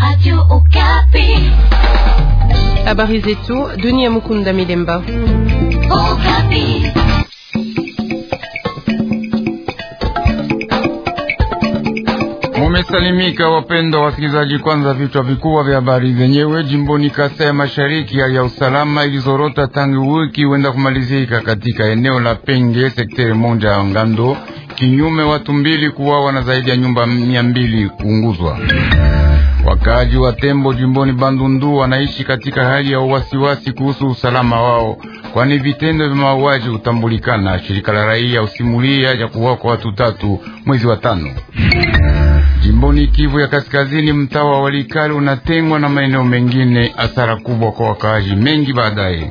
Radio Okapi. Habari zetu dunia. Mukunda Milemba. Okapi. Mumesalimika wapendwa wasikilizaji. Kwanza vichwa vikubwa vya habari zenyewe. Jimboni kasa ya Mashariki, hali ya usalama ilizorota tangu wiki huenda kumalizika katika eneo la Penge, sekteri moja ya Ngando. Kinyume watu mbili kuwawa na zaidi ya nyumba mia mbili kuunguzwa. Wakaji wa Tembo jimboni Bandundu wanaishi katika hali ya wasiwasi kuhusu usalama wao, kwani vitendo vya mauaji hutambulikana. Shirika la raia usimulia ya kuwa kwa watu tatu mwezi wa tano jimboni Kivu ya Kaskazini. Mtaa wa Walikali unatengwa na maeneo mengine, hasara kubwa kwa wakaaji mengi. Baadaye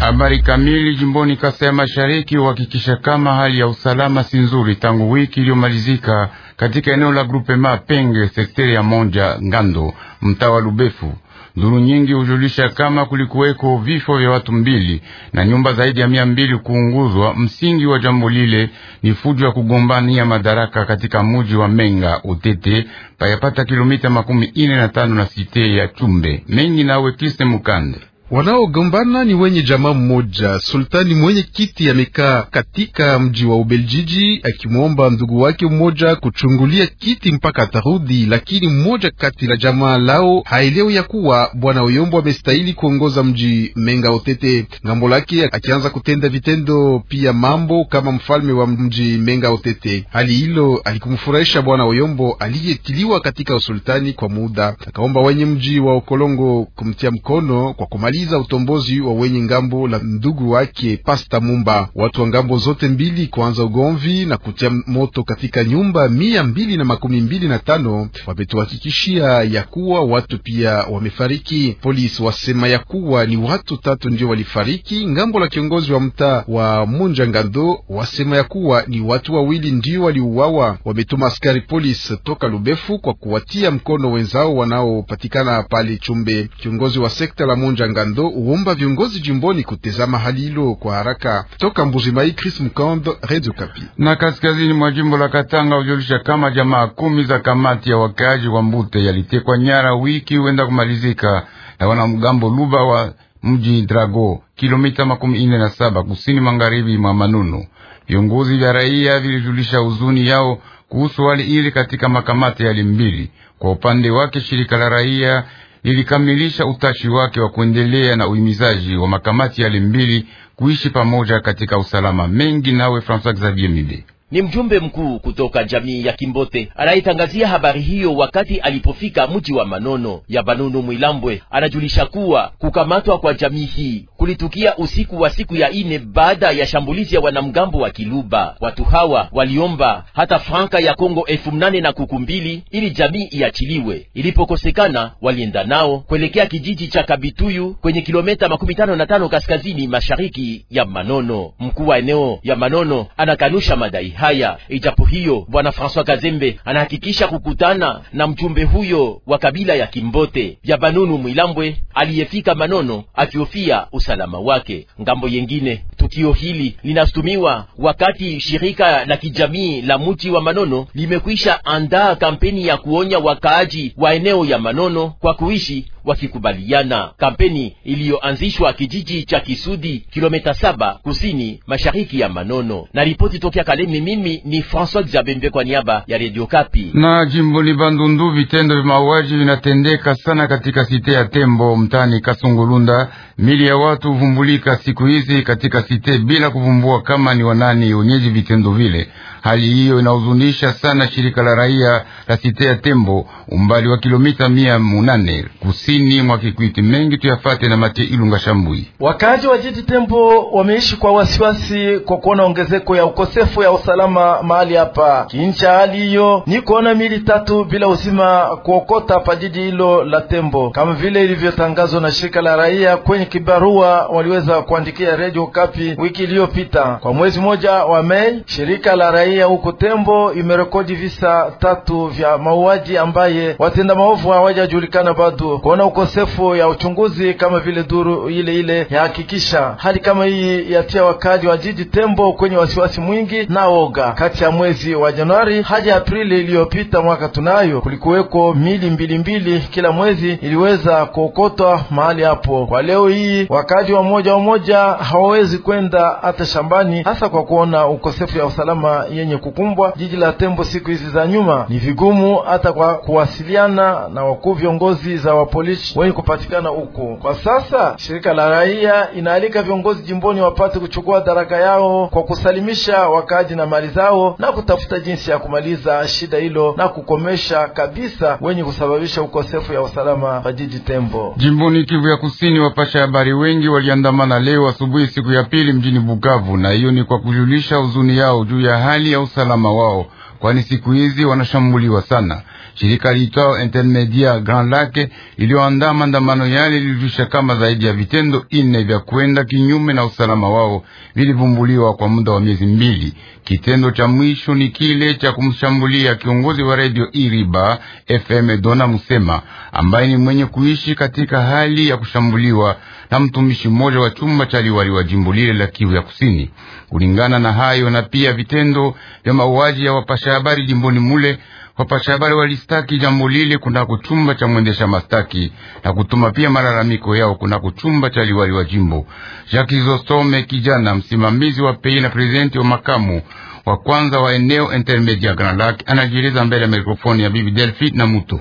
habari kamili. Jimboni Kasai ya Mashariki uhakikisha kama hali ya usalama si nzuri tangu wiki iliyomalizika katika eneo la grupema Penge, sekteri ya Monja Ngando, mtaa wa Lubefu. Duru nyingi hujulisha kama kulikuweko vifo vya watu mbili na nyumba zaidi ya mia mbili kuunguzwa. Msingi wa jambo lile ni fujo ya kugombania madaraka katika muji wa Menga Utete, payapata kilomita makumi ine na tano na site ya Chumbe Mengi. Nawe Kriste Mukande Wanaogombana ni wenye jamaa mmoja. Sultani mwenye kiti amekaa katika mji wa Ubeljiji akimwomba ndugu wake mmoja kuchungulia kiti mpaka atarudi, lakini mmoja kati la jamaa lao haelewi ya kuwa bwana Oyombo amestahili kuongoza mji. Menga Otete ngambo lake akianza kutenda vitendo pia mambo kama mfalme wa mji. Menga Otete, hali hilo alikumfurahisha bwana Oyombo aliyetiliwa katika usultani kwa muda, akaomba wenye mji wa Okolongo kumtia mkono kwa kumali za utombozi wa wenye ngambo la ndugu wake Pasta Mumba. Watu wa ngambo zote mbili kuanza ugomvi na kutia moto katika nyumba mia mbili na makumi mbili na tano wametuhakikishia ya kuwa watu pia wamefariki. Polisi wasema ya kuwa ni watu tatu ndio walifariki ngambo la kiongozi wa mtaa wa Munja Ngando wasema ya kuwa ni watu wawili ndio waliuawa. Wametuma askari polisi toka Lubefu kwa kuwatia mkono wenzao wanaopatikana pale Chumbe. Kiongozi wa sekta la Munja Ngando Kando uomba viongozi jimboni kutezama hali hilo kwa haraka. Toka Mbujimai, Chris Mkando, Radio Kapi. Na kaskazini mwa jimbo la Katanga ujulisha kama jamaa kumi za kamati ya wakaaji wa Mbute yalitekwa nyara wiki wenda kumalizika na wanamgambo Luba wa mji Drago, kilomita makumi ine na saba kusini magharibi mwa Manunu. Viongozi vya raia vilijulisha huzuni yao kuhusu hali ile katika makamati yali mbili. Kwa upande wake shirika la raia lilikamilisha utashi wake wa kuendelea na uhimizaji wa makamati yale mbili kuishi pamoja katika usalama mengi. Nawe Francois Xavier Mibe ni mjumbe mkuu kutoka jamii ya Kimbote anayetangazia habari hiyo wakati alipofika mji wa Manono ya Banunu Mwilambwe. Anajulisha kuwa kukamatwa kwa jamii hii kulitukia usiku wa siku ya ine baada ya shambulizi ya wanamgambo wa Kiluba. Watu hawa waliomba hata franka ya Kongo elfu mnane na kuku mbili ili jamii iachiliwe. Ilipokosekana, walienda nao kuelekea kijiji cha Kabituyu kwenye kilometa makumi tano na tano kaskazini mashariki ya Manono. Mkuu wa eneo ya Manono anakanusha madai haya. Ijapo hiyo, bwana Francois Kazembe anahakikisha kukutana na mjumbe huyo wa kabila ya Kimbote ya Banunu Mwilambwe aliyefika Manono akihofia usalama wake. Ngambo yengine tukio hili linastumiwa wakati shirika la kijamii la mji wa Manono limekwisha andaa kampeni ya kuonya wakaaji wa eneo ya Manono kwa kuishi wakikubaliana, kampeni iliyoanzishwa kijiji cha Kisudi, kilomita saba kusini mashariki ya Manono. Na ripoti tokea Kalemi, mimi ni François Jabembe kwa niaba ya Radio Kapi. Na jimboni Bandundu, vitendo vya mauaji vinatendeka sana katika site ya Tembo mtani Kasungulunda. Mili ya watu vumbulika siku hizi katika Universite bila kuvumbua kama ni wanani wenyeji vitendo vile. Hali hiyo inahuzunisha sana shirika la raia la site ya Tembo, umbali wa kilomita mia munane kusini mwa Kikwiti. Mengi tuyafate na Mate Ilunga Shambui. Wakaaji wa jiji Tembo wameishi kwa wasiwasi kwa kuona ongezeko ya ukosefu ya usalama mahali hapa. Kincha hali hiyo ni kuona mili tatu bila uzima kuokota pa jiji hilo la Tembo, kama vile ilivyotangazwa na shirika la raia kwenye kibarua waliweza kuandikia Radio Kapi wiki iliyopita. Kwa mwezi moja wa Mei, shirika la raia raia huko Tembo imerekodi visa tatu vya mauaji ambaye watenda maovu hawajajulikana bado. Kuona ukosefu ya uchunguzi kama vile duru ile ile yahakikisha, hali kama hii yatia wakali wa jiji Tembo kwenye wasiwasi mwingi na oga. Kati ya mwezi wa Januari hadi Aprili iliyopita mwaka tunayo, kulikuweko mili mbili mbili kila mwezi iliweza kuokotwa mahali hapo. Kwa leo hii wakaji wa moja wa moja hawawezi kwenda hata shambani, hasa kwa kuona ukosefu ya usalama ye yenye kukumbwa jiji la Tembo siku hizi za nyuma. Ni vigumu hata kwa kuwasiliana na wakuu viongozi za wapolisi wenye kupatikana huko kwa sasa. Shirika la raia inaalika viongozi jimboni wapate kuchukua daraka yao kwa kusalimisha wakaaji na mali zao na kutafuta jinsi ya kumaliza shida hilo na kukomesha kabisa wenye kusababisha ukosefu ya usalama pa jiji Tembo jimboni Kivu ya Kusini. Wapasha habari wengi waliandamana leo asubuhi siku ya pili mjini Bukavu, na hiyo ni kwa kujulisha huzuni yao juu ya hali ya usalama wao, kwani siku hizi wanashambuliwa sana. Shirika liitwao Intermedia Grand Lake iliyoandaa maandamano yale lilijulisha kama zaidi ya vitendo ine vya kwenda kinyume na usalama wao vilivumbuliwa kwa muda wa miezi mbili. Kitendo cha mwisho ni kile cha kumshambulia kiongozi wa redio Iriba FM Dona Musema ambaye ni mwenye kuishi katika hali ya kushambuliwa na mtumishi mmoja wa chumba cha liwali wa jimbo lile la Kivu ya Kusini. Kulingana na hayo na pia vitendo vya mauaji ya wapasha habari jimboni mule Wapasha habari walistaki jambo lile kunako chumba cha mwendesha mastaki na kutuma pia malalamiko yao kunako chumba cha liwali wa jimbo. Jacques Zostome kijana msimamizi wa pei na prezidenti wa makamu wa kwanza wa eneo intermedia Grand Lac anajieleza mbele ya mikrofoni ya bibi Delphine na Muto.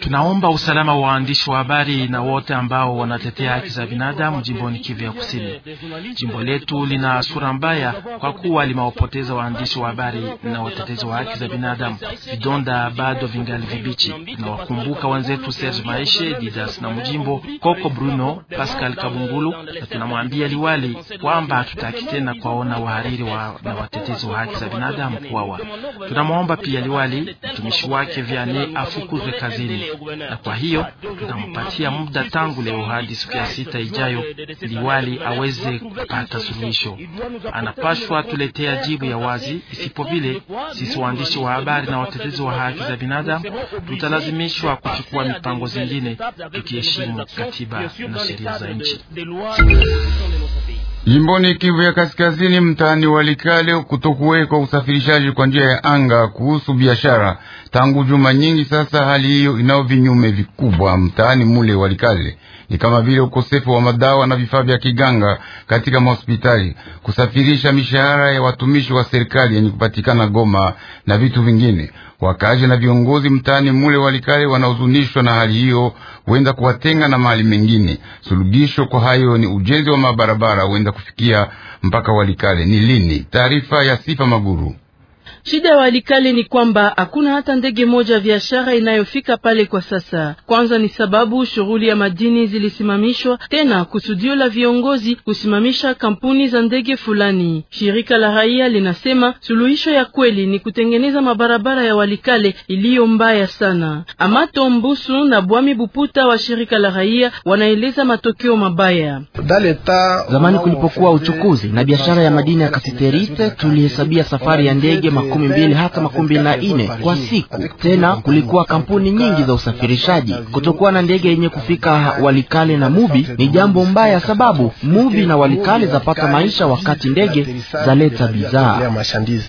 Tunaomba usalama wa waandishi wa habari na wote ambao wanatetea haki za binadamu jimboni Kivu ya Kusini. Jimbo letu lina sura mbaya kwa kuwa limewapoteza waandishi wa habari na watetezi wa haki za binadamu. Vidonda bado vingali vibichi. Tunawakumbuka wenzetu Serge Maeshe, Didas na Mjimbo, Koko Bruno, Pascal Kabungulu, na tunamwambia liwali kwamba hatutaki tena kuwaona wahariri wa na watetezi wa haki za binadamu kuwawa. Tunamwomba ya liwali mtumishi wake Vyane afukuzwe kazini, na kwa hiyo tutampatia muda tangu leo hadi siku ya sita ijayo, liwali aweze kupata suluhisho. Anapashwa tuletea jibu ya wazi, isipo vile sisi waandishi wa habari na watetezi wa haki za binadamu tutalazimishwa kuchukua mipango zingine, tukiheshimu katiba na sheria za nchi. Jimboni Kivu ya Kaskazini, mtaani Walikale, kutokuwekwa usafirishaji kwa njia ya anga kuhusu biashara Tangu juma nyingi sasa, hali hiyo inayo vinyume vikubwa mtaani mule Walikale, ni kama vile ukosefu wa madawa na vifaa vya kiganga katika mahospitali, kusafirisha mishahara ya watumishi wa serikali yenye kupatikana Goma na vitu vingine. Wakazi na viongozi mtaani mule Walikale wanahuzunishwa na hali hiyo, huenda kuwatenga na mahali mengine. Suluhisho kwa hayo ni ujenzi wa mabarabara, huenda kufikia mpaka Walikale. Ni lini? Taarifa ya Sifa Maguru. Shida ya Walikale ni kwamba hakuna hata ndege moja ya biashara inayofika pale kwa sasa. Kwanza ni sababu shughuli ya madini zilisimamishwa, tena kusudio la viongozi kusimamisha kampuni za ndege fulani. Shirika la raia linasema suluhisho ya kweli ni kutengeneza mabarabara ya Walikale iliyo mbaya sana. Amato Mbusu na Bwami Buputa wa shirika la raia wanaeleza matokeo mabaya. Zamani kulipokuwa uchukuzi na biashara ya madini ya kasiterite, tulihesabia safari ya ndege makumi makumi mbili hata makumi na ine kwa siku. Tena kulikuwa kampuni nyingi za usafirishaji. Kutokuwa na ndege yenye kufika Walikale na Mubi ni jambo mbaya, sababu Mubi na Walikale zapata maisha wakati ndege zaleta bidhaa.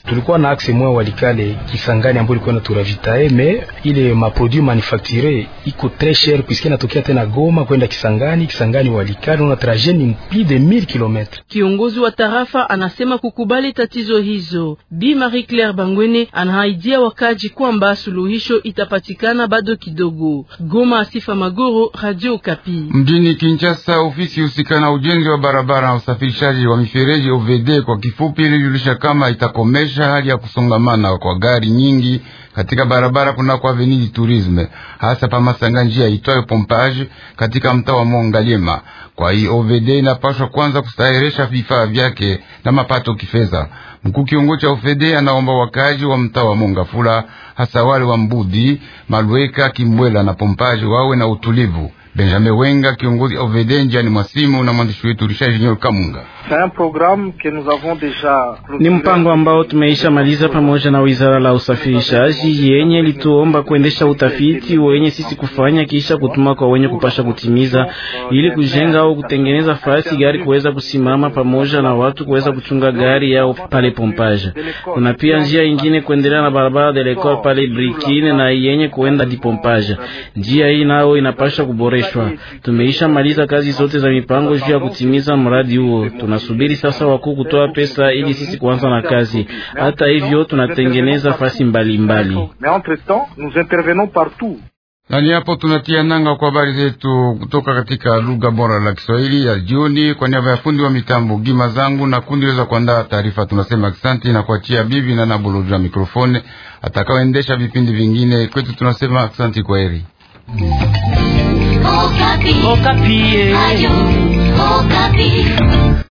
Tulikuwa na axe mwa Walikale Kisangani ambayo ilikuwa na turavitae me ile maproduit manufacture iko tres cher puisque inatokea tena Goma kwenda Kisangani, Kisangani Walikale una trajet ni plus de 1000 km. Kiongozi wa tarafa anasema kukubali tatizo hizo. Bi Marie Claire Pierre Bangwene anahaidia wakaji kwamba suluhisho itapatikana bado kidogo. Goma, Asifa Magoro, Radio Kapi. Mjini Kinshasa, ofisi husika na ujenzi wa barabara na usafirishaji wa mifereji OVD kwa kifupi, ilijulisha kama itakomesha hali ya kusongamana kwa gari nyingi katika barabara kuna kwa Avenue Tourisme hasa pa Masanga njia itwayo Pompage katika mtaa wa Mongalema. Kwa hii OVD inapaswa kwanza kustahiresha vifaa vyake na mapato kifedha. Mkuu kiongozi cha OVD anaomba wakaji wa mtaa wa Mongafula, hasa wale wa Mbudi, Malweka, Kimbwela na Pompaji wawe na utulivu. Benjamin Wenga, kiongozi OVD, njiani mwa simu na mwandishi wetu Rishaji Nyor Kamunga. Ni mpango ambao tumeisha maliza pamoja na wizara la usafirishaji yenye lituomba kuendesha utafiti wenye sisi kufanya kisha kutuma kwa wenye kupasha kutimiza, ili kujenga au kutengeneza fasi gari kuweza kusimama pamoja na watu kuweza kuchunga gari yao pale pompaja Kuna pia njia ingine kuendelea na barabara de l'Ecole pale Brikine na yenye kuenda di Pompaje. Njia hii nao inapasha kuboreshwa. Tumeisha maliza kazi zote za mipango juu ya kutimiza mradi huo tunasubiri sasa wakuu kutoa pesa ili sisi kuanza na kazi. Hata hivyo tunatengeneza fasi mbalimbali nani hapo. Tunatia nanga kwa habari zetu kutoka katika lugha bora la Kiswahili ya jioni. Kwa niaba ya fundi wa mitambo Gima zangu na kundi liweza kuandaa taarifa, tunasema asante na kuachia bibi na nabuluja mikrofone atakaoendesha vipindi vingine kwetu. Tunasema asante, kwa heri. Okapi. Oh, Okapi. Oh, eh. Okapi.